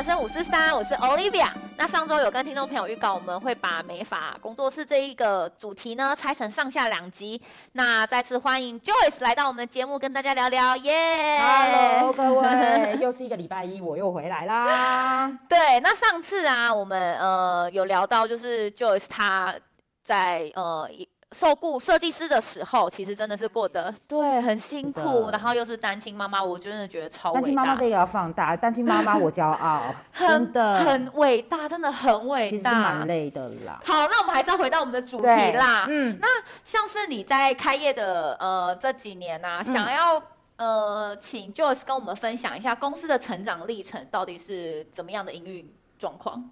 人生543，我是 Olivia。那上週有跟聽眾朋友預告，我們會把美髮工作室這一個主題呢拆成上下兩集。那再次歡迎 Joyce 來到我們的節目，跟大家聊聊耶！Hello，各位，又是一個禮拜一，我又回來啦。 對，那上次啊，我們呃有聊到，就是 Joyce 她在呃受僱設計師的時候，其實真的是過得對很辛苦，的然後又是單親媽媽，我真的覺得超偉大。單親媽媽的也要放大，單親媽媽我驕傲， 很真的很偉大，真的很偉大。其實蠻累的啦。好，那我們還是要回到我們的主題啦。嗯，那像是你在開業的呃這幾年呢、啊，想要、嗯、呃請 Joyce 跟我們分享一下公司的成長歷程，到底是怎麼樣的營運狀況？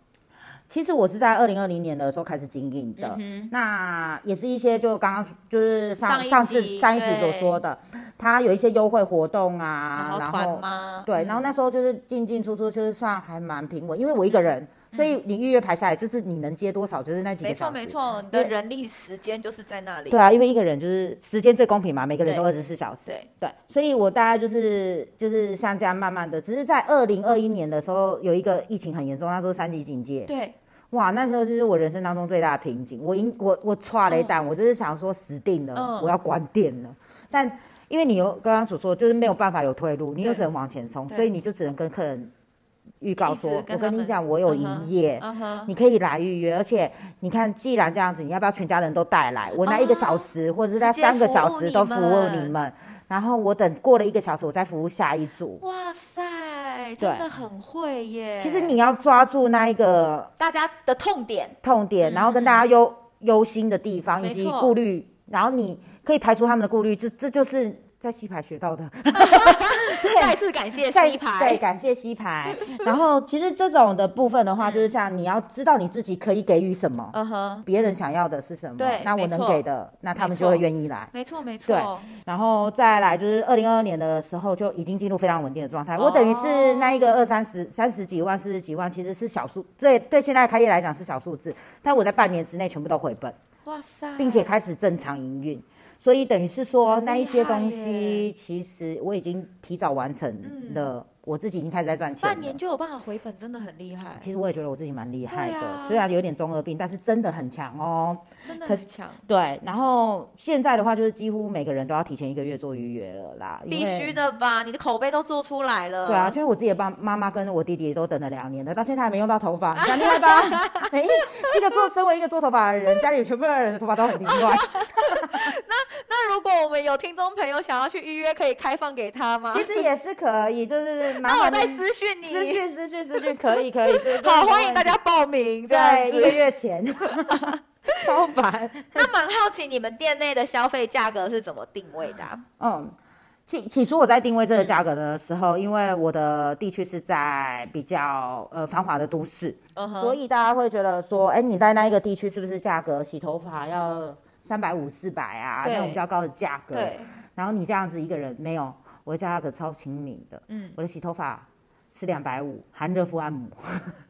其實我是在二零二零年的時候開始經營的，嗯、哼那也是一些就剛剛就是上,上一集,上次對上一集所說的，他有一些優惠活動啊，然後,然後對，然後那時候就是進進出出就是算還蠻平穩，嗯、因為我一個人。嗯所以你預約排下來，就是你能接多少，就是那幾個小時沒錯沒錯，你的人力時間就是在那裡對。對啊，因為一個人就是時間最公平嘛，每個人都二十四小時。對，對對，所以我大概就是就是像這樣慢慢的。只是在二零二一年的時候，有一個疫情很嚴重，那時候三級警戒。對，哇，那時候就是我人生當中最大的瓶頸。我因我我錯了一單，嗯、我就是想說死定了，嗯、我要關店了。但因為你有剛剛所說，就是沒有辦法有退路，你又只能往前衝，對所以你就只能跟客人。預告說，我跟你講，我有營業，你可以來預約。而且，你看，既然這樣子，你要不要全家人都帶來？我那一個小時或者是在三個小時都服務你們，然後我等過了一個小時，我再服務下一組。哇塞，真的很會耶！其實你要抓住那一個大家的痛點，痛點，然後跟大家憂憂心的地方以及顧慮，然後你可以排除他們的顧慮，這這就是。在西牌學到的。 對，再次感謝西牌，對，感謝西牌。然後其實這種的部分的話，嗯、就是像你要知道你自己可以給予什麼，嗯，別人想要的是什麼，對，那我能給的，錯那他們就會願意來，沒錯沒錯。對，然後再來就是二零二二年的時候就已經進入非常穩定的狀態。哦、我等於是那一個二三十、三十幾萬、四十幾萬，其實是小數，對對，現在開業來講是小數字，但我在半年之內全部都回本，哇塞，並且開始正常營運。所以等於是說，那一些東西其實我已經提早完成了，嗯，我自己已經開始在賺錢。半年就有辦法回本，真的很厲害。其實我也覺得我自己蠻厲害的，雖然有點中二病，但是真的很強哦。真的很強。對，然後現在的話就是幾乎每個人都要提前一個月做預約了啦。必須的吧？你的口碑都做出來了。對啊，其實我自己爸媽媽跟我弟弟都等了兩年了，到現在還沒用到頭髮。啊，厲害吧？沒、欸，一個做身為一個做頭髮的人，家裡有全部的人的頭髮都很厲害。我們有聽眾朋友想要去預約，可以開放給他嗎？其實也是可以，就是那我再私訊你私訊、私訊、私訊、私訊。私訊私訊私訊，可以可以。好，歡迎大家報名這樣子。對，一個月前，超煩。那蠻好奇你們店內的消費價格是怎麼定位的？ 嗯，起起初我在定位這個價格的時候，因為我的地區是在比較呃繁華的都市，uh huh. 所以大家會覺得說，哎、欸，你在那一個地區是不是價格洗頭髮要？三百五、四百啊，對那種比較高的價格。對。然後你這樣子一個人沒有，我的價格超親民的。嗯。我的洗頭髮是兩百五，含熱敷按摩。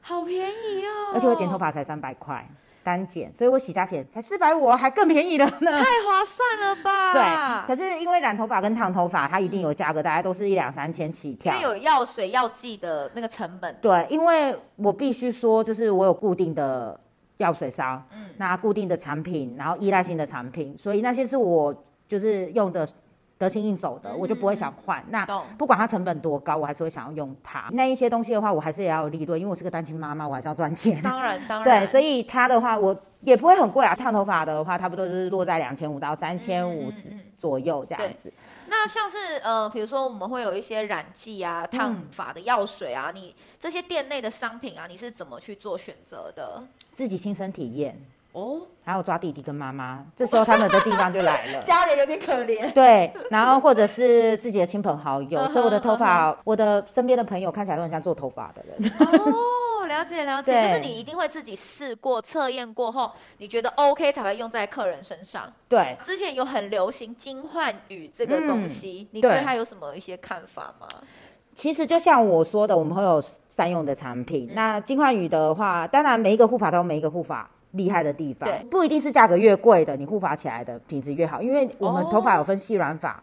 好便宜哦。而且我剪頭髮才三百塊，單剪，所以我洗加剪才四百五，還更便宜了呢。太划算了吧？對。可是因為染頭髮跟燙頭髮，它一定有價格，大家都是一兩、嗯、三千起跳。它有藥水藥劑的那個成本。對，因為我必須說，就是我有固定的。藥水燒，嗯，那固定的產品，然後依賴性的產品，所以那些是我就是用的得心應手的，我就不會想換。那不管它成本多高，我還是會想要用它。那一些東西的話，我還是也要有利潤，因為我是個單親媽媽，我還是要賺錢。當然，當然，對，所以它的話我也不會很貴啊。燙頭髮的話，差不多就是落在兩千五到三千五左右這樣子。嗯嗯嗯那像是呃，比如說我們會有一些染劑啊、燙髮的藥水啊，嗯、你這些店內的商品啊，你是怎麼去做選擇的？自己親身體驗哦，還有抓弟弟跟媽媽，哦、這時候他們的地方就來了，家人有點可憐。對，然後或者是自己的親朋好友， 所以我的頭髮， 我的身邊的朋友看起來都很像做頭髮的人。哦 了解了解，對就是你一定會自己試過測驗過後，你覺得 OK 才會用在客人身上。對，之前有很流行金煥羽這個東西，嗯、你對他有什麼一些看法嗎？其實就像我說的，我們會有三用的產品。嗯、那金煥羽的話，當然每一個護髮都有每一個護髮厲害的地方，對不一定是價格越貴的，你護髮起來的品質越好。因為我們頭髮有分細軟髮、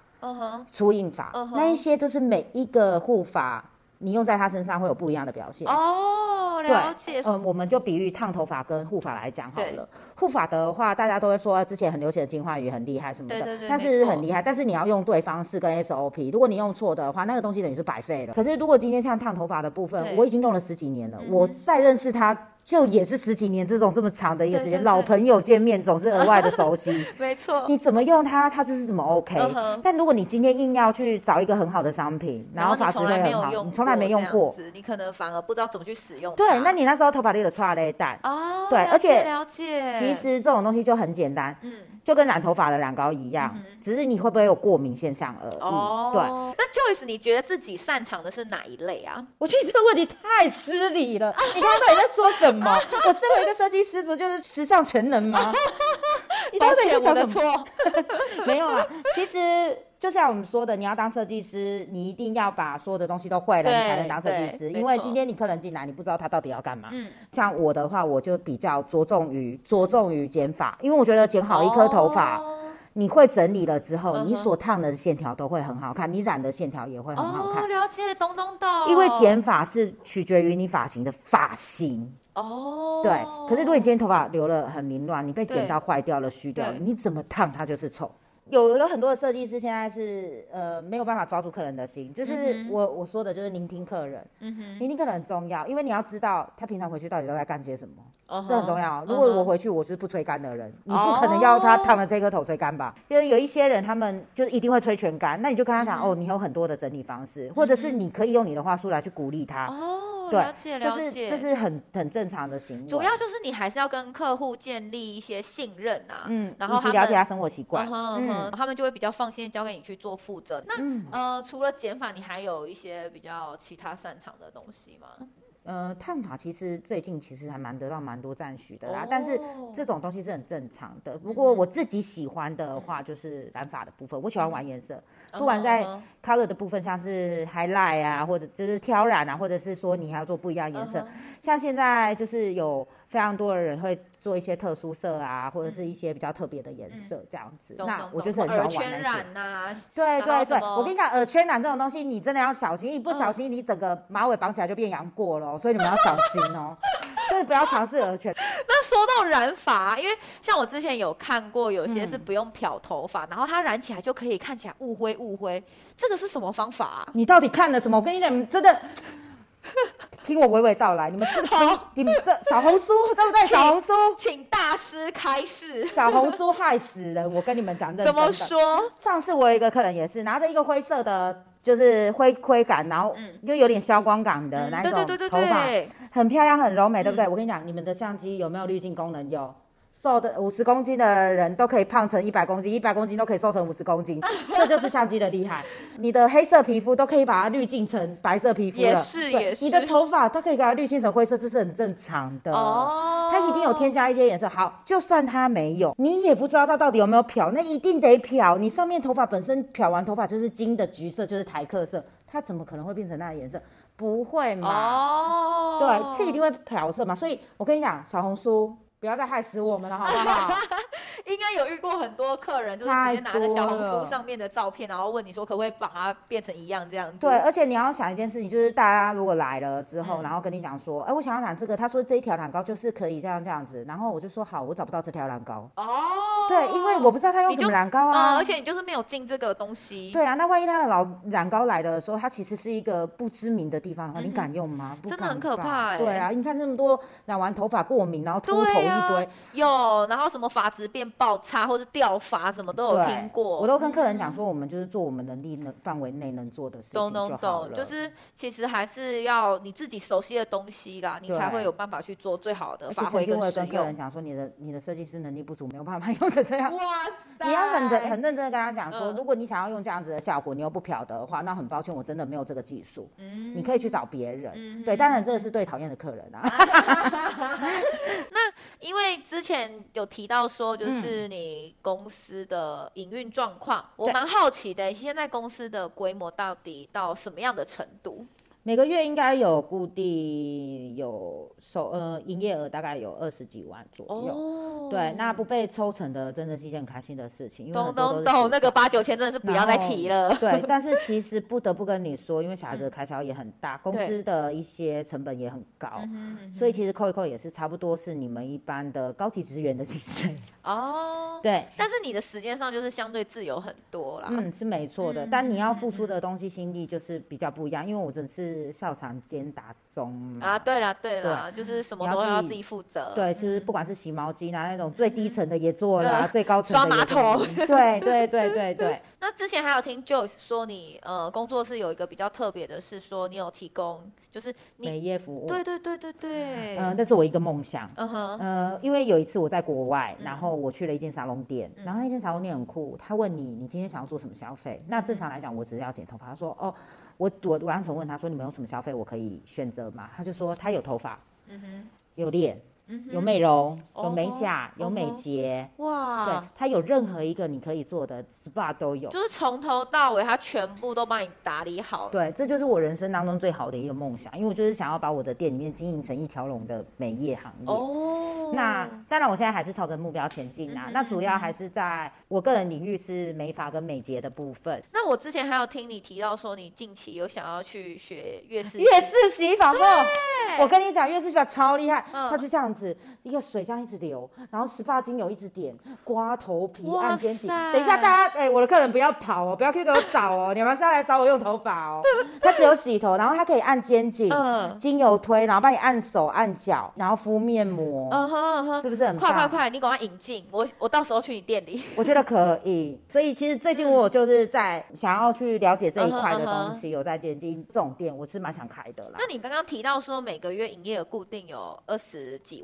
粗硬、哦、髮，哦、那一些都是每一個護髮，你用在它身上會有不一樣的表現。哦。哦、對，嗯，我們就比喻，燙頭髮跟護髮來講好了。護髮對的話，大家都會說、啊、之前很流行的精華液很厲害什麼的，對對對但是很厲害，錯但是你要用對方式跟 SOP，如果你用錯的話，那個東西等於是白費了。可是如果今天像燙頭髮的部分，對我已經用了十幾年了，嗯、我再認識他。就也是十幾年這種這麼長的一個時間，對對對，老朋友見面總是額外的熟悉。 沒錯錯，你怎麼用它，它就是怎麼 OK、uh。Huh. 但如果你今天硬要去找一個很好的商品，然後髮質會很好，你從，你從來沒用過，你可能反而不知道怎麼去使用它。對，那你那時候頭髮裂有抓了裂帶。哦，oh, 對，而且了解。了解，其實這種東西就很簡單。嗯。就跟染頭髮的染膏一樣，嗯、哼只是你會不會有過敏現象而已。哦，對。那 Joyce，你覺得自己擅長的是哪一類啊？我覺得這個問題太失禮了。啊、 你剛剛到底在說什麼？ 我身為一個設計師，不就是時尚全能嗎？ 都是我的錯， 沒有啦。 其實就像我們說的，你要當設計師，你一定要把所有的東西都會了，對你才能當設計師。因為今天你客人進來，你不知道他到底要幹嘛。嗯，像我的話，我就比較着重於着重於剪髮，嗯、因為我覺得剪好一顆頭髮，oh、你會整理了之後，你所燙的線條都會很好看，uh huh、你染的線條也會很好看、oh。了解，懂懂懂。因為剪髮是取決於你髮型的髮型。哦，oh, 對，可是如果你今天頭髮留了很凌亂，你被剪到壞掉了、對虛掉了，你怎麼燙它就是醜。對有有很多的設計師現在是呃沒有辦法抓住客人的心，就是我、mm hmm. 我說的就是聆聽客人，嗯、mm hmm. 聆聽客人很重要，因為你要知道他平常回去到底都在幹些什麼，uh huh. 這很重要。如果我回去我是不吹乾的人，uh huh. 你不可能要他燙了這顆頭吹乾吧？Oh. 因為有一些人他們就是一定會吹全乾，那你就跟他講、mm hmm. 哦，你有很多的整理方式，或者是你可以用你的話術來去鼓勵他。Oh. .哦、對，了解這是了解這是很很正常的行為。主要就是你還是要跟客戶建立一些信任啊，嗯，然後他了解他生活習慣，然後他們就會比較放心交給你去做負責。那、嗯、呃，除了剪髮，你還有一些比較其他擅長的東西嗎？呃，燙髮其實最近其實還蠻得到蠻多讚許的啦，oh，但是這種東西是很正常的。不過我自己喜歡的話，就是染髮的部分，我喜歡玩顏色，uh huh. 不管在 color 的部分，像是 highlight 啊，或者就是挑染啊，或者是說你還要做不一樣的顏色，uh huh. 像現在就是有。非常多的人會做一些特殊色啊，或者是一些比較特別的顏色這樣子。嗯嗯、那我就是很喜歡玩耳圈染啊，對對對，我跟你講，耳圈染這種東西，你真的要小心，一不小心、嗯、你整個馬尾綁起來就變楊過了，所以你們要小心哦、喔， 所以不要嘗試耳圈。那說到染髮，因為像我之前有看過，有些是不用漂頭髮，嗯、然後它染起來就可以看起來霧灰霧灰，這個是什麼方法、啊？你到底看了什麼？我跟你講，你真的。 聽我娓娓道來，你們這、好你們這小紅書對不對？小紅書，請大師開始。 小紅書害死人，我跟你們講，怎麼說？上次我有一個客人也是拿着一個灰色的，就是灰灰感，然後又有點消光感的、嗯、那一種頭髮，很漂，很，很漂亮，很柔美，對不對？嗯、我跟你講，你們的相機有沒有濾鏡功能？有。瘦的五十公斤的人都可以胖成一百公斤，一百公斤都可以瘦成五十公斤， 這就是相機的厲害。你的黑色皮膚都可以把它濾鏡成白色皮膚了，也是也是。對也是你的頭髮它可以給它濾鏡成灰色，這是很正常的。哦，它一定有添加一些顏色。好，就算它沒有，你也不知道它到底有沒有漂，那一定得漂。你上面頭髮本身漂完頭髮就是金的橘色，就是台客色，它怎麼可能會變成那個顏色？不會嘛？哦，對，它一定會漂色嘛。所以我跟你講，小紅書。不要再害死我們了好不好？ 應該有遇過很多客人，就是直接拿着小紅書上面的照片，然後問你說可不可以把它變成一樣這樣子。太多了。對，而且你要想一件事情，就是大家如果來了之後，然後跟你講說，哎、嗯欸，我想要染這個，他說這一條染膏就是可以這樣這樣子，然後我就說好，我找不到這條染膏。哦，對，因為我不知道他用什麼染膏啊，嗯、而且你就是沒有進這個東西。對啊，那萬一他的老染膏來的時候，他其實是一個不知名的地方的話，嗯嗯，你敢用嗎？真的很可怕、欸。對啊，你看那麼多染完頭髮過敏，然後禿頭。一堆有，然後什麼髮質變爆差，或是掉髮，什麼都有聽過。我都跟客人講說，我們就是做我們能力範圍內能做的事情就好了。懂懂懂，就是其實還是要你自己熟悉的東西啦，你才會有辦法去做最好的，發揮一個使用。我一定會跟客人講說，你的你的設計師能力不足，沒有辦法用成這樣。哇塞！你要很很認真的跟他講說，如果你想要用這樣子的效果，你又不漂的話，那很抱歉，我真的沒有這個技術。嗯，你可以去找別人。對，當然這個是最討厭的客人啊。那。因為之前有提到說，就是你公司的營運狀況，嗯、我蠻好奇的耶，對現在公司的規模到底到什麼樣的程度？每個月應該有固定有收呃營業額大概有二十幾萬左右，哦、對，那不被抽成的真的是一件很開心的事情。懂懂懂，那個八九千真的是不要再提了。對， 但是其實不得不跟你說，因為小孩子的開銷也很大，嗯、公司的一些成本也很高，對所以其實扣一扣也是差不多是你們一般的高級職員的薪水。哦，對，但是你的時間上就是相對自由很多啦。嗯，是沒錯的，嗯、但你要付出的東西心力就是比較不一樣，因為我只是。是校長兼打鐘，啊，對了對了，就是什麼都要自己負責，對，就是不管是洗毛巾啊那種最低層的也做了，最高層刷馬桶，對對對對對。那之前還有聽 Joyce 說你呃工作室有一個比較特別的是說你有提供就是美業服務，對對對對對，嗯，那是我一個夢想，嗯哼，呃，因為有一次我在國外，然後我去了一間沙龍店，然後那間沙龍店很酷，他問你，你今天想要做什麼消費？那正常來講我只是要剪頭髮，他說哦。我我完全問他說：“你們有什麼消費，我可以選擇嗎？”他就說：“他有頭髮，嗯哼，有臉。”有美容，嗯、哼有美甲，嗯、哼有美睫，嗯，哇！對，它有任何一個你可以做的 SPA 都有，就是從頭到尾，它全部都幫你打理好。對，這就是我人生當中最好的一個夢想，因為我就是想要把我的店裡面經營成一條龍的美業行業。哦，那當然，我現在還是朝着目標前進啦。嗯、哼那主要還是在我個人領域是美髮跟美睫的部分。那我之前還有聽你提到說，你近期有想要去學越式越式洗髮哦。 對我跟你講，越式洗髮超厲害，他、嗯、就這樣。子一個水這樣一直流，然後洗髮精油一直點，刮頭皮、按肩頸。塞等一下大家，哎、欸，我的客人不要跑哦，不要去給我找哦， 你們是要來找我用頭髮哦。他只有洗頭，然後他可以按肩頸、呃、精油推，然後幫你按手按腳，然後敷面膜，呃呃、是不是很棒？快快快，你趕快引進我，我到時候去你店裡。 我覺得可以，所以其實最近我就是在想要去了解這一塊的東西，呃呃、有在研究這種店，我是蠻想開的啦。那你剛剛提到說每個月營業額固定有二十幾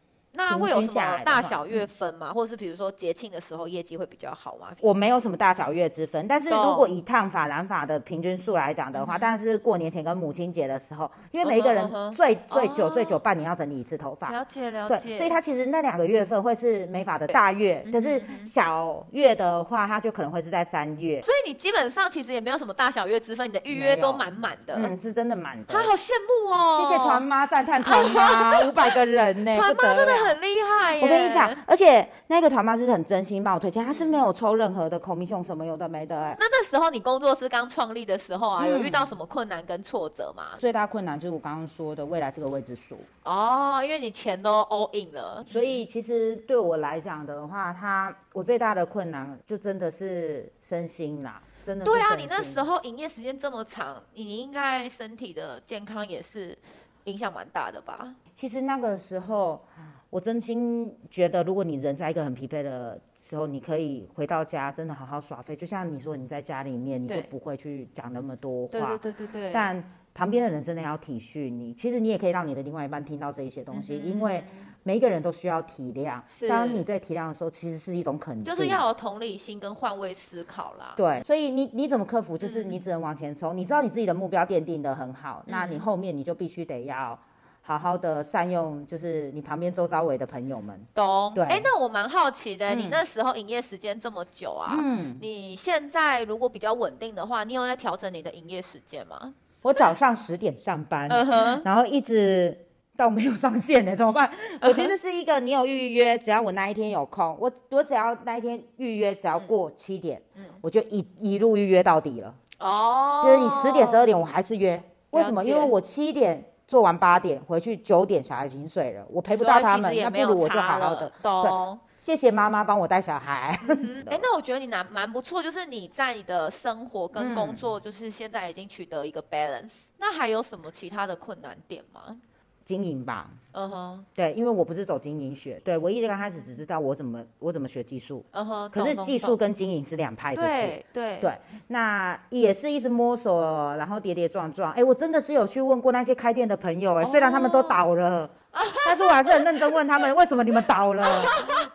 那會有什麼大小月份嗎？或是比如說節慶的時候業績會比較好嗎？我沒有什麼大小月之分，但是如果以燙髮染髮的平均數來講的話，但是過年前跟母親節的時候，因為每一個人最最久最久半年要整理一次頭髮。了解了解。對，所以他其實那兩個月份會是美髮的大月，可是小月的話，它就可能會是在三月。所以你基本上其實也沒有什麼大小月之分，你的預約都滿滿的，嗯，是真的滿的。他好羨慕哦！謝謝團媽讚嘆，團媽五百個人呢，團媽真的。哦、很厲害，我跟你講，而且那個團媽是很真心幫我推薦，他是沒有抽任何的 commission 什麼有的沒的哎、欸。那那時候你工作室剛創立的時候啊，嗯、有遇到什麼困難跟挫折嗎？最大困難就是我剛剛說的未來是個未知數哦，因為你錢都 all in 了，所以其實對我來講的話，他我最大的困難就真的是身心啦，真的。對啊，你那時候營業時間這麼長，你應該身體的健康也是影響蠻大的吧？其實那個時候。我真心覺得，如果你人在一個很疲憊的時候，你可以回到家，真的好好耍廢。就像你說，你在家裡面，你就不會去講那麼多話。對對對對。但旁邊的人真的要體恤你。其實你也可以讓你的另外一半聽到這一些東西，因為每一個人都需要體諒。當你對體諒的時候，其實是一種肯定。就是要有同理心跟換位思考啦。對，所以你你怎麼克服？就是你只能往前衝。你知道你自己的目標奠定得很好，那你後面你就必須得要。好好的善用，就是你旁邊周遭圍的朋友們。懂，對。哎，那我蠻好奇的，你那時候營業時間這麼久啊？嗯。你現在如果比較穩定的話，你有在調整你的營業時間嗎？我早上十點上班，然後一直到沒有上線呢，怎麼辦？我覺得是一個，你有預約，只要我那一天有空，我我只要那一天預約，只要過七點，我就一一路預約到底了。哦。就是你十點十二點我還是約，為什麼？因為我七點。做完八點回去九點小孩已經睡了，我陪不到他們，沒有那不如我就好好的。懂都，謝謝媽媽幫我帶小孩。欸，那我覺得你蠻蠻不錯，就是你在你的生活跟工作，嗯、就是現在已經取得一個 balance。那還有什麼其他的困難點嗎？經營吧，嗯哼、uh，huh. 對，因為我不是走經營學，對我一直剛開始只知道我怎麼我怎麼學技術，嗯哼、uh，huh. 可是技術跟經營是兩派的事、uh huh. 對對對，那也是一直摸索，然後跌跌撞撞，哎、欸，我真的是有去問過那些開店的朋友、欸，誒，雖然他們都倒了，oh. 但是我還是很認真問他們，為什麼你們倒了，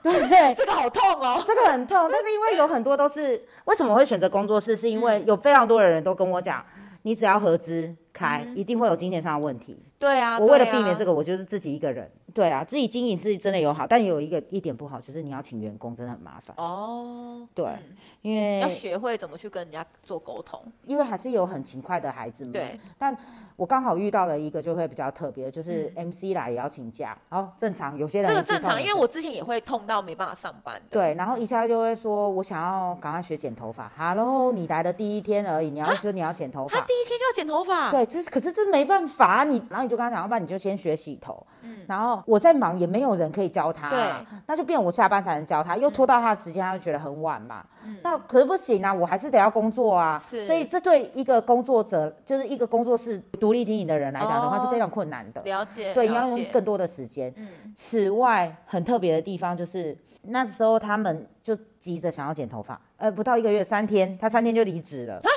對不、uh huh. 對？這個好痛哦，這個很痛，但是因為有很多都是為什麼我會選擇工作室，是因為有非常多的人都跟我講，你只要合資。開一定會有金錢上的問題。嗯、對啊，我為了避免這個，啊、我就是自己一個人。對啊，自己經營是真的有好，但有一個一點不好，就是你要請員工，真的很麻煩。哦，對，嗯、因為要學會怎麼去跟人家做溝通，因為還是有很勤快的孩子嘛、嗯。對，但。我剛好遇到了一個就會比較特別，就是 MC 來也要請假，好、嗯哦、正常，有些人這個正常，因為我之前也會痛到沒辦法上班。對，然後一下就會說我想要趕快學剪頭髮。哈、嗯，然後你來的第一天而已，你要、啊、說你要剪頭髮，他第一天就要剪頭髮？對，這可是這沒辦法，你然後你就跟他講，要不然你就先學洗頭。嗯，然後我在忙也沒有人可以教他，對，那就變我下班才能教他，又拖到他的時間，嗯、他就覺得很晚嘛。嗯、那可是不行啊，我還是得要工作啊，是所以這對一個工作者，就是一個工作室獨立經營的人來講的話，哦、是非常困難的。了解，對，解要用更多的時間。嗯。此外，很特別的地方就是那時候他們就急着想要剪頭髮，呃，不到一個月三天，他三天就離職了。啊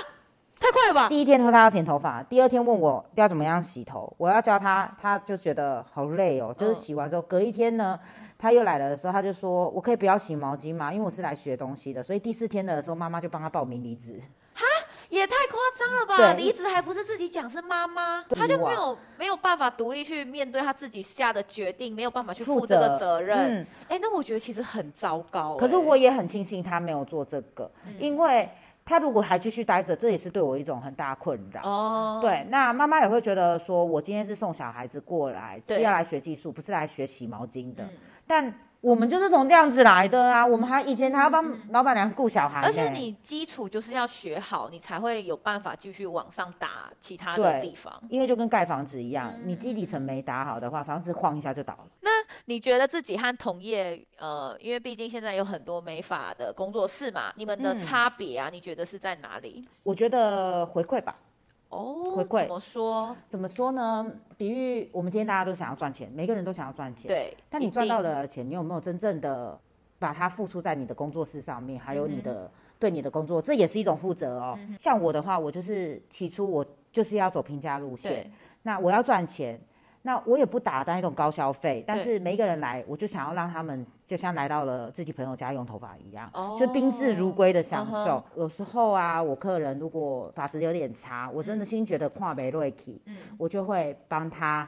太快了吧？第一天說他要剪頭髮，第二天問我要怎麼樣洗頭，我要教他，他就覺得好累哦、喔。嗯、就是洗完之後，隔一天呢，他又來了的時候，他就說：“我可以不要洗毛巾嗎？因為我是來學東西的。”所以第四天的時候，媽媽就幫他報名離職。哈，也太誇張了吧！離職對還不是自己講，是媽媽，他就沒有哇沒有辦法獨立去面對他自己下的決定，沒有辦法去負這個責任。哎、嗯欸，那我覺得其實很糟糕、欸。可是我也很慶幸他沒有做這個，嗯、因為。他如果還繼續待着，這也是對我一種很大困擾。Oh. 對，那媽媽也會覺得說，我今天是送小孩子過來是對要來學技術，不是來學洗毛巾的。嗯。但我們就是從這樣子來的啊，我們還以前還要幫老闆娘顧小孩。而且你基礎就是要學好，你才會有辦法繼續往上打其他的地方。因為就跟蓋房子一樣，嗯、你基底層沒打好的話，房子晃一下就倒了。那你覺得自己和同業，呃，因為畢竟現在有很多美髮的工作室嘛，你們的差別啊，嗯、你覺得是在哪裡？我覺得回饋吧。哦，回饋，怎麼說？怎麼說呢？比喻我們今天大家都想要賺錢，每個人都想要賺錢。對，但你賺到的錢，定你有沒有真正的把它付出在你的工作室上面？還有你的、嗯、對你的工作，這也是一種負責哦。嗯、像我的話，我就是起初我就是要走平價路線，對那我要賺錢。那我也不打單一種高消費，但是每一個人來，我就想要讓他們就像來到了自己朋友家用頭髮一樣，就賓至如歸的享受。Oh, okay. 有時候啊，我客人如果髮質有點差，我真的心覺得跨沒銳氣，我就會幫他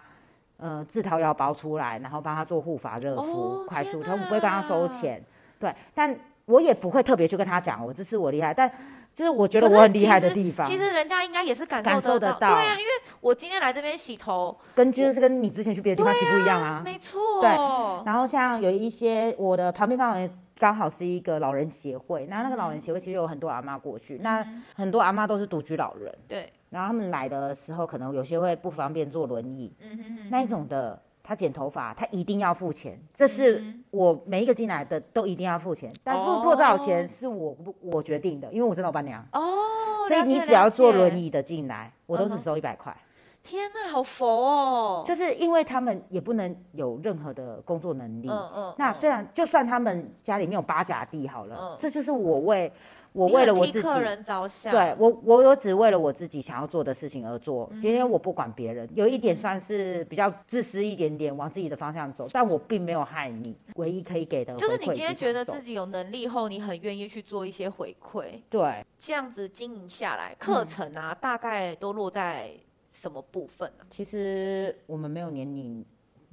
呃自掏腰包出來，然後幫他做護髮熱敷，oh, 快速頭，啊、不會跟他收錢。對，但我也不會特別去跟他講我這次我厲害，但。就是我覺得我很厲害的地方其其實人家應該也是感受得到。感受得到對呀、啊，因為我今天來這邊洗頭，根據是跟你之前去別的地方洗不一樣啊。啊沒錯。對。然後像有一些我的旁邊剛好剛好是一個老人協會，那、嗯、那個老人協會其實有很多阿媽過去，嗯、那很多阿媽都是獨居老人。對。然後他們來的時候，可能有些會不方便坐輪椅，嗯、哼哼那一種的。他剪頭髮，他一定要付錢。這是我每一個進來的都一定要付錢，但付過多少錢是我、哦、我決定的，因為我是老闆娘。哦，了解了解，所以你只要坐輪椅的進來，我都只收一百塊。天哪、啊，好佛哦！就是因為他們也不能有任何的工作能力。嗯嗯嗯、那雖然就算他們家裡面有八甲地好了，嗯、這就是我為。我為了我自己客人着想，對我，我我只為了我自己想要做的事情而做。今天我不管別人，有一點算是比較自私一點點，往自己的方向走。但我並沒有害你，唯一可以給的，就是你今天覺得自己有能力後，你很願意去做一些回饋。對，這樣子經營下來，課程啊，嗯、大概都落在什麼部分啊？其實我們沒有年齡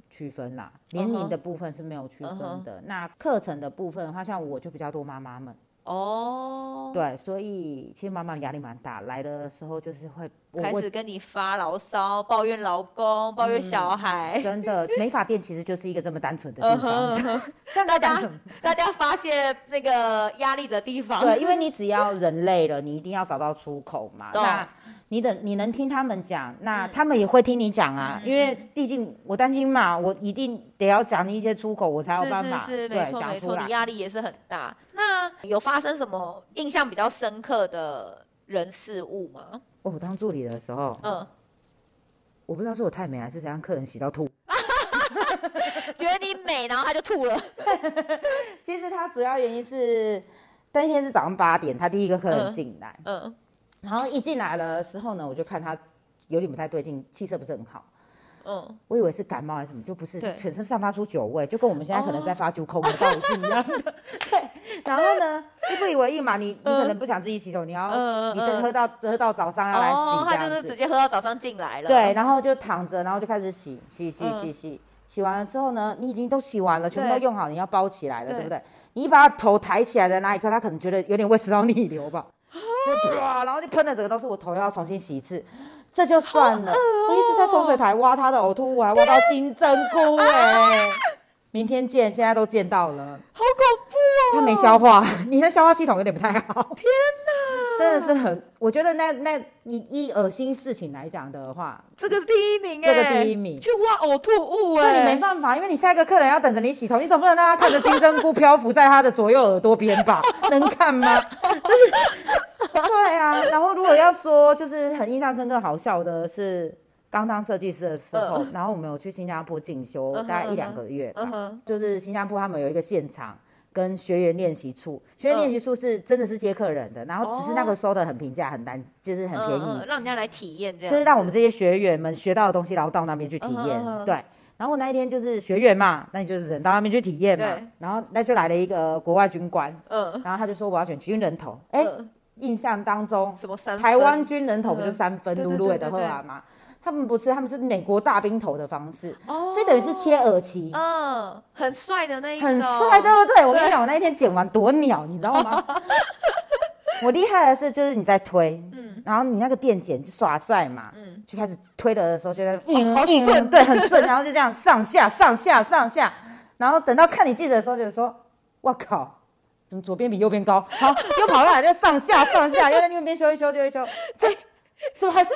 區分啦，uh huh. 年齡的部分是沒有區分的。Uh huh. 那課程的部分，的話，像我就比較多媽媽們。哦，oh, 對，所以其實媽媽壓力蠻大，來的時候就是會,會開始跟你發牢騷，抱怨老公，抱怨小孩。嗯、真的，美髮店其實就是一個這麼單純的地方、uh huh.，大家大家發泄那個壓力的地方。對，因為你只要人累了，你一定要找到出口嘛。懂 那。對你等，你能聽他們講，那他們也會聽你講啊，嗯嗯、因為畢竟我擔心嘛，我一定得要講一些出口，我才有辦法是是是對講出來。沒錯，你壓力也是很大。那有發生什麼印象比較深刻的人事物嗎？哦、我當助理的時候，嗯，我不知道是我太美還是怎樣，客人洗到吐，啊、哈哈哈哈覺得你美， 然後他就吐了。其實他主要原因是，當天是早上八點，他第一個客人進來嗯，嗯。然後一進來了的時候呢，我就看他有點不太對勁，氣色不是很好。嗯，我以為是感冒還是什麼，就不是全身散發出酒味，對就跟我們現在可能在發酒瘋的道理是一樣的。 對，然後呢，你不以為意嘛，你你可能不想自己洗頭，你要你等喝到等喝到早上要來洗這樣哦，就是直接喝到早上進來了。對，然後就躺着，然後就開始洗洗洗洗洗，洗，洗，洗，嗯、洗完了之後呢，你已經都洗完了，全部都用好，對你要包起來了，對，對不對？你把他頭抬起來的那一刻，可他可能覺得有點胃食道逆流吧。哇，然後就噴的整個都是，我頭要重新洗一次，這就算了。我一直在沖水台挖他的嘔吐物，我還挖到金針菇哎、欸。明天見，現在都見到了，好恐怖哦。他沒消化，你的消化系統有點不太好。天哪！真的是很，我覺得那、那你以噁心事情來講的話，這個是第一名哎，這個第一名去挖嘔吐物那、欸、你沒辦法，因為你下一個客人要等着你洗頭，你總不能讓他看着金針菇漂浮在他的左右耳朵邊吧？ 能看嗎？哈哈 對啊，然後如果要說就是很印象深刻、好笑的是，剛當設計師的時候，呃、然後我們有去新加坡進修，大概一兩個月吧，uh huh. uh huh. 就是新加坡他們有一個現場。跟學員練習處，學員練習處是真的是接客人的，然後只是那個收的很平價，很難，就是很便宜，讓人家來體驗這樣，就是讓我們這些學員們學到的東西，然後到那邊去體驗，對。然後我那一天就是學員嘛，那你就是人到那邊去體驗嘛。然後那就來了一個國外軍官，然後他就說我要選軍人頭，哎，印象當中台灣軍人頭不就三分擼擼的後嗎？他們不是，他們是美國大兵頭的方式，oh, 所以等於是切耳其。嗯，oh, oh, 很帥的那一個，很帥，對不對？我跟你講，對我那一天剪完多鳥，你知道嗎？ 我厲害的是，就是你在推，嗯，然後你那個電剪就耍帥嘛，嗯，就開始推的時候就在那邊好順，對，很順，然後就這樣上下上下上下，然後等到看你記者的時候，就是說，我靠，怎麼左邊比右邊高？好，又跑過來，又上下上下，又在另一邊修一修，修一修，怎麼還是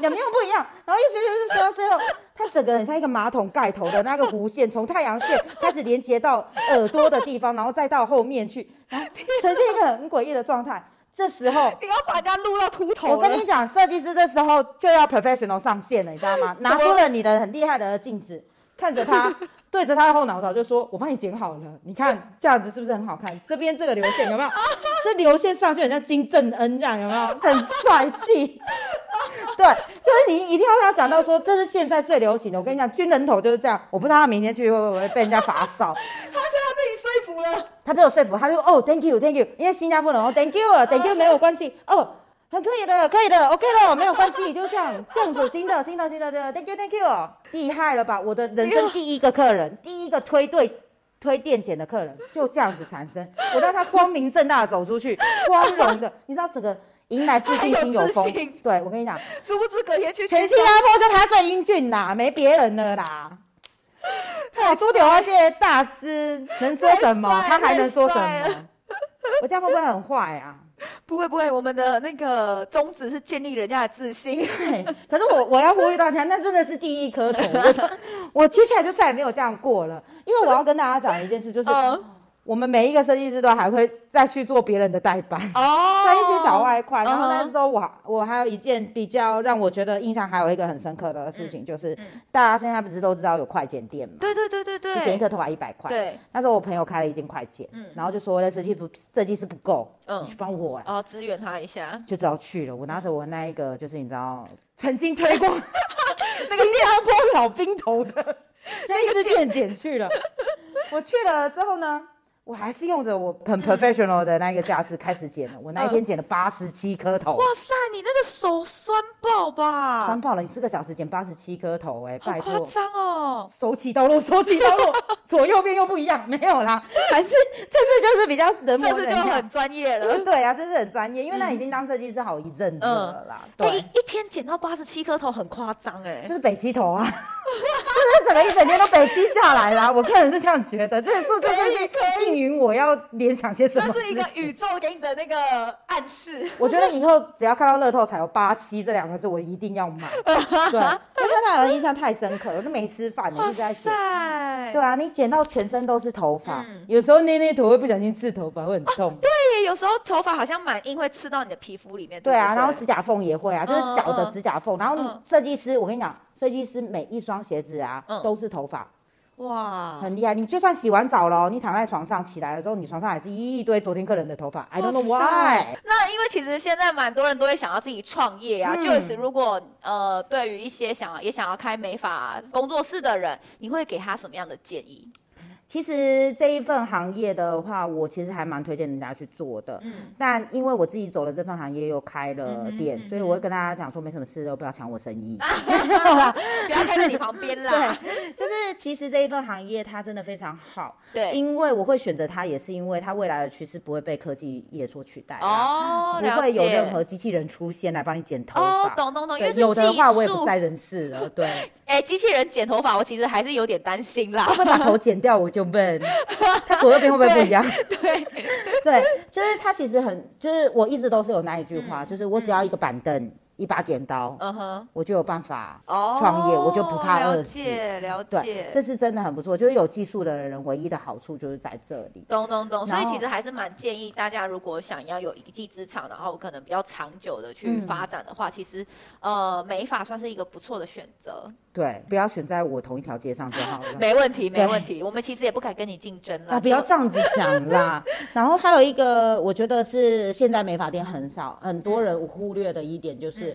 兩邊又不一樣？然後一直就是說到最後，它整個很像一個馬桶蓋頭的那個弧線，從太陽穴開始連接到耳朵的地方，然後再到後面去，然後呈現一個很詭異的狀態。這時候你要把它擼到禿頭。我跟你講，設計師這時候就要 professional 上線了，你知道嗎？拿出了你的很厲害的鏡子，看着他。 對着他的後腦勺就說：“我幫你剪好了，你看這樣子是不是很好看？這邊這個流線有沒有？ 這流線上去很像金正恩這樣，有沒有？很帥氣。 對，就是你一定要跟他講到說，這是現在最流行的。我跟你講，軍人頭就是這樣。我不知道他明天去會不會被人家罰掃 他現在被你說服了，他被我說服，他就說哦、oh,，Thank you，Thank you，, thank you 因為新加坡人哦、oh,，Thank you，Thank you，沒有關係哦。Uh ” huh. oh, 很可以的，可以的，OK 了，沒有關係，就這樣，這樣子，新的，新的，新的，新的。Thank you，Thank you，厲害了吧？我的人生第一個客人，有第一個推對推電剪的客人，就這樣子產生，我讓他光明正大地走出去，光榮的，我你知道整個迎來自信心有風對我跟你講，珠子哥也去，全新加坡就他最英俊啦，沒別人了啦。珠雕界大師帥能說什麼？他還能說什麼？我這樣會不會很壞啊？不會不會，我們的那個宗旨是建立人家的自信。對，可是我我要呼籲大家， 那真的是第一顆頭。我接下來就再也沒有這樣過了。因為我要跟大家講一件事，就是。嗯哦，我們每一個設計師都還會再去做別人的代班哦，再一些小外快。然後那時候我我還有一件比較讓我覺得印象還有一個很深刻的事情，就是大家現在不是都知道有快剪店嘛？對對對對對，剪一個頭髮一百塊。對，那時候我朋友開了一間快剪，然後就說我的設計師設計師不夠，嗯，幫我啊，支援他一下，就只要去了，我拿着我那一個就是你知道曾經推過那個一定要割老兵頭的那一支店剪去了，我去了之後呢？我還是用着我很 professional 的那個架勢開始剪的，我那一天剪了八十七顆頭。哇塞，你那個手酸爆吧？酸爆了，你四個小時剪八十七顆頭。欸，哎，拜託，好誇張哦！手起刀落，手起刀落，左右邊又不一樣，沒有啦。還是這次就是比較能，這次就很專業了。對啊，就是很專業，因為那已經當設計師好一陣子了啦。對，一天剪到八十七顆頭很誇張哎，就是北七頭啊，就是整個一整天都北七下來啦。我個人是這樣覺得，這個數字已經可以。可以云，我要聯想些什麼？這是一個宇宙給你的那個暗示。我覺得以後只要看到樂透才有八七這兩個字，我一定要買。對，真的，那印象太深刻了。都沒吃飯，一直在剪。對啊，你剪到全身都是頭髮，有時候捏捏頭會不小心刺頭髮，會很痛。對，有時候頭髮好像蠻硬，會刺到你的皮膚裡面。對啊，然後指甲縫也會啊，就是腳的指甲縫。然後你設計師，我跟你講，設計師每一雙鞋子啊，都是頭髮。哇，wow, 很厲害！你就算洗完澡了，你躺在床上起來了之後，你床上還是一堆昨天客人的頭髮。I don't know why。那因為其實現在蠻多人都會想要自己創業啊。嗯、就是如果呃對於一些想要也想要開美髮、啊、工作室的人，你會給他什麼樣的建議？其實這一份行業的話，我其實還蠻推薦人家去做的。嗯。但因為我自己走了這份行業又開了店，嗯嗯、所以我會跟大家講說，沒什麼事都不要搶我生意。不要開在你旁邊啦。對，就是其實這一份行業它真的非常好。對。因為我會選擇它，也是因為它未來的趨勢不會被科技業所取代。哦，了解。不會有任何機器人出現來幫你剪頭髮。哦，懂懂懂。有的話我也不在人世了。對。哎、欸，機器人剪頭髮，我其實還是有點擔心啦。他會把頭剪掉，我就。 有他左右邊會不會不一樣？ 對對， 對，就是他其實很，就是我一直都是有那一句話，嗯、就是我只要一個板凳。嗯嗯一把剪刀，嗯哼，我就有辦法創業，我就不怕餓死。了解，了解，這是真的很不錯。就是有技術的人，唯一的好處就是在這裡。懂懂懂。所以其實還是蠻建議大家，如果想要有一技之長，然後可能比較長久的去發展的話，其實，呃，美髮算是一個不錯的選擇。對，不要選在我同一條街上就好了。沒問題，沒問題。我們其實也不敢跟你競爭了。啊，不要這樣子講啦。然後還有一個，我覺得是現在美髮店很少，很多人忽略的一點就是。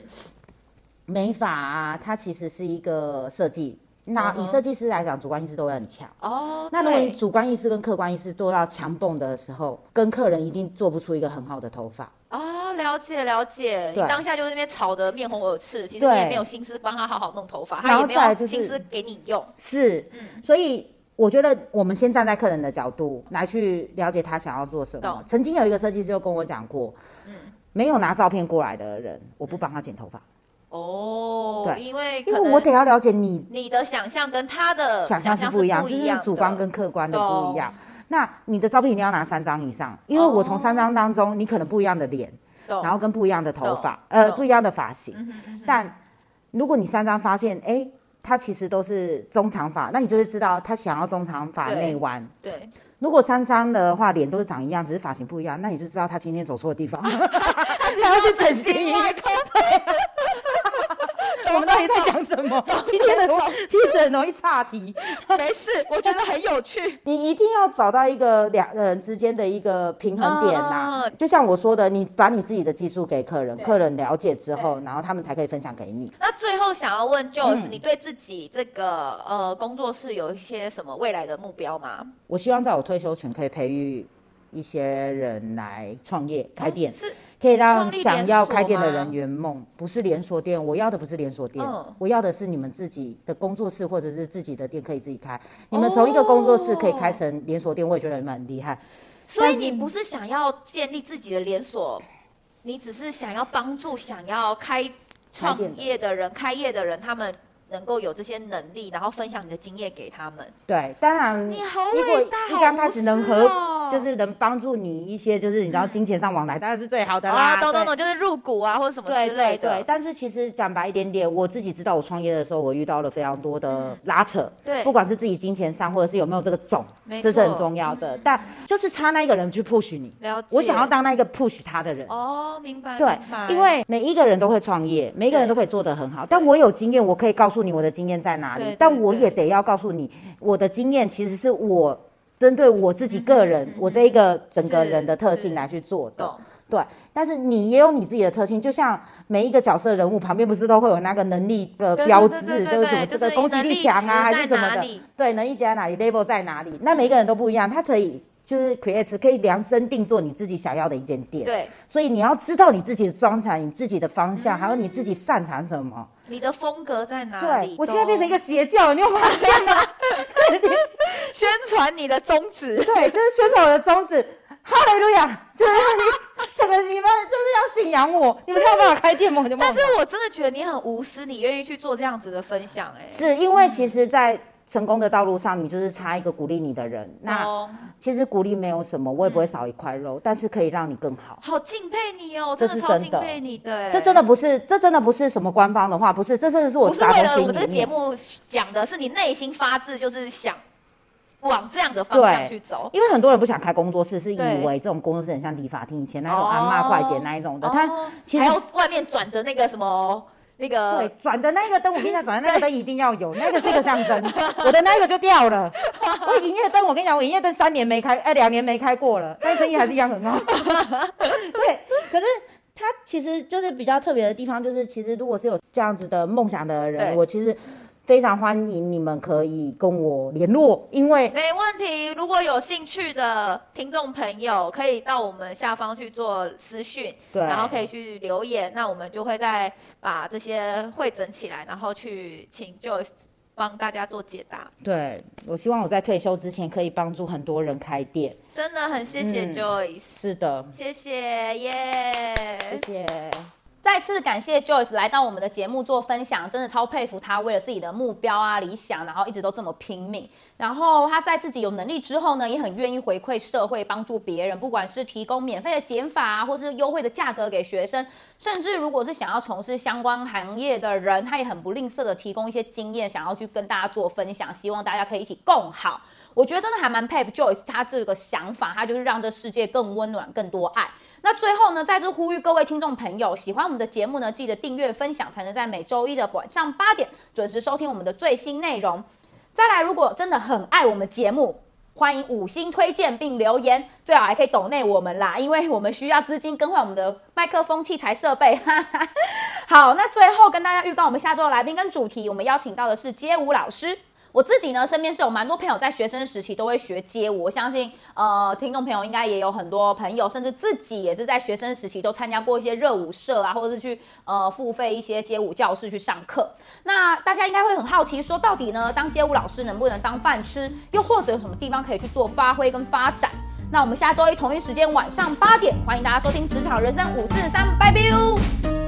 美髮、啊，它其實是一個設計。Uh huh. 那以設計師來講，主觀意識都會很強。哦、oh, 對，那如果你主觀意識跟客觀意識做到強動的時候，跟客人一定做不出一個很好的頭髮。啊、oh,，了解了解。對你當下就是那邊吵得面紅耳赤，其實你也沒有心思幫他好好弄頭髮，對他也沒有心思給你用。就是，是嗯、所以我覺得我們先站在客人的角度來去了解他想要做什麼。嗯、曾經有一個設計師就跟我講過，嗯沒有拿照片過來的人，我不幫他剪頭髮。哦，對，因為因為我得要了解，你你的想象跟他的想象是不一樣，就是主觀跟客觀的不一樣。哦、那你的照片一定要拿三張以上，哦、因為我從三張當中，你可能不一樣的臉，哦、然後跟不一樣的頭髮，哦、呃，哦、不一樣的髮型。嗯、哼哼，但如果你三張發現，哎。他其實都是中長髮，那你就會知道他想要中長髮內彎。對，如果三張的話，臉都是長一樣，只是髮型不一樣，那你就知道他今天走錯地方， 他是要去整形。你 我們到底在講什麼？今天的題其實很容易岔題。沒事，我覺得很有趣。你一定要找到一個兩個人之間的一個平衡點吶。就像我說的，你把你自己的技術給客人，客人了解之後，然後他們才可以分享給你。那最後想要問，就是你對自己這個呃工作室有一些什麼未來的目標嗎？我希望在我退休前，可以培育一些人來創業開店。是。可以讓想要開店的人圓夢，不是連鎖店，我要的不是連鎖店，嗯、我要的是你們自己的工作室或者是自己的店可以自己開。哦、你們從一個工作室可以開成連鎖店，我也覺得蠻很厲害。所以你不是想要建立自己的連鎖，是你只是想要幫助想要開創業的人，開店的開業的人，他們能夠有這些能力，然後分享你的經驗給他們。對，當然你好偉大，剛開始行你能和。就是能幫助你一些，就是你知道金錢上往來當然是最好的啦。啊，懂懂懂，就是入股啊或者什麼之類的。對，但是其實講白一點點，我自己知道我創業的時候，我遇到了非常多的拉扯。對，不管是自己金錢上，或者是有沒有這個種，這是很重要的。但就是差那一個人去 push 你。了解。我想要當那一個 push 他的人。哦，明白。對，因為每一個人都會創業，每一個人都可以做得很好。但我有經驗，我可以告訴你我的經驗在哪裡。但我也得要告訴你，我的經驗其實是我。針對我自己個人，嗯嗯、我這一個整個人的特性來去做的，對，對。但是你也有你自己的特性，就像每一個角色的人物旁邊不是都會有那個能力的標誌，就是什麼這個攻擊力強啊，還是什麼的，對，能力在哪裡，level 在哪裡，嗯、那每個人都不一樣，他可以。就是 creates 可以量身定做你自己想要的一間店。對，所以你要知道你自己的裝材、你自己的方向，嗯、還有你自己擅長什麼，你的風格在哪裡。對，我現在變成一個邪教，你有發現嗎？ 宣傳你的宗旨。對，就是宣傳我的宗旨。哈利路亞！就是你，這 個你們就是要信仰我，你們沒有辦法開店嗎？但是我真的覺得你很無私，你願意去做這樣子的分享、欸，哎。是因為其實，在。成功的道路上，你就是差一個鼓勵你的人。那其實鼓勵沒有什麼，我也不會少一塊肉，嗯、但是可以讓你更好。好敬佩你哦，真的超敬佩你的耶。這真的不是，這真的不是什麼官方的話，不是，這真的是我大不是為了我們這個節目講的，是你內心發自就是想往這樣的方向去走。因為很多人不想開工作室，是以為這種工作室很像理髮廳，對以前那種阿媽快剪那一種的。哦、他其實還有外面轉着那個什麼。那個對轉的那個燈，我跟你講，轉的那個燈一定要有，對 那個是一個象徵。 我的那個就掉了。我營業燈，我跟你講，我營業燈三年沒開，哎、欸，兩年沒開過了，但生意還是一樣很好。 對，可是它其實就是比較特別的地方，就是其實如果是有這樣子的夢想的人，對 我其實。非常歡迎你們可以跟我聯絡，因為沒問題。如果有興趣的聽眾朋友，可以到我們下方去做私訊，對，然後可以去留言，那我們就會再把這些彙整起來，然後去請 Joyce 幫大家做解答。對，我希望我在退休之前可以幫助很多人開店，真的很謝謝 Joyce、嗯。是的，謝謝耶，謝謝。Yeah 謝謝再次感謝 Joyce 來到我們的節目做分享，真的超佩服他，為了自己的目標啊、理想，然後一直都這麼拼命。然後他在自己有能力之後呢，也很願意回饋社會，幫助別人，不管是提供免費的剪髮啊，或是優惠的價格給學生，甚至如果是想要從事相關行業的人，他也很不吝嗇的提供一些經驗，想要去跟大家做分享，希望大家可以一起共好。我覺得真的還蠻佩服 Joyce 他這個想法，他就是讓這世界更溫暖、更多愛。那最後呢，再次呼籲各位聽眾朋友，喜歡我們的節目呢，記得訂閱分享，才能在每周一的晚上八點準時收聽我們的最新內容。再來，如果真的很愛我們的節目，歡迎五星推薦並留言，最好還可以抖內我們啦，因為我們需要資金更換我們的麥克風、器材設備哈哈。好，那最後跟大家預告我們下周的來賓跟主題，我們邀請到的是街舞老師。我自己呢，身邊是有蠻多朋友在學生時期都會學街舞。我相信，呃，聽眾朋友應該也有很多朋友，甚至自己也是在學生時期都參加過一些熱舞社啊，或者是去呃付費一些街舞教室去上課。那大家應該會很好奇，說到底呢，當街舞老師能不能當飯吃？又或者有什麼地方可以去做發揮跟發展？那我們下周一同一時間晚上八點，歡迎大家收聽《職場人生五四三》，拜拜。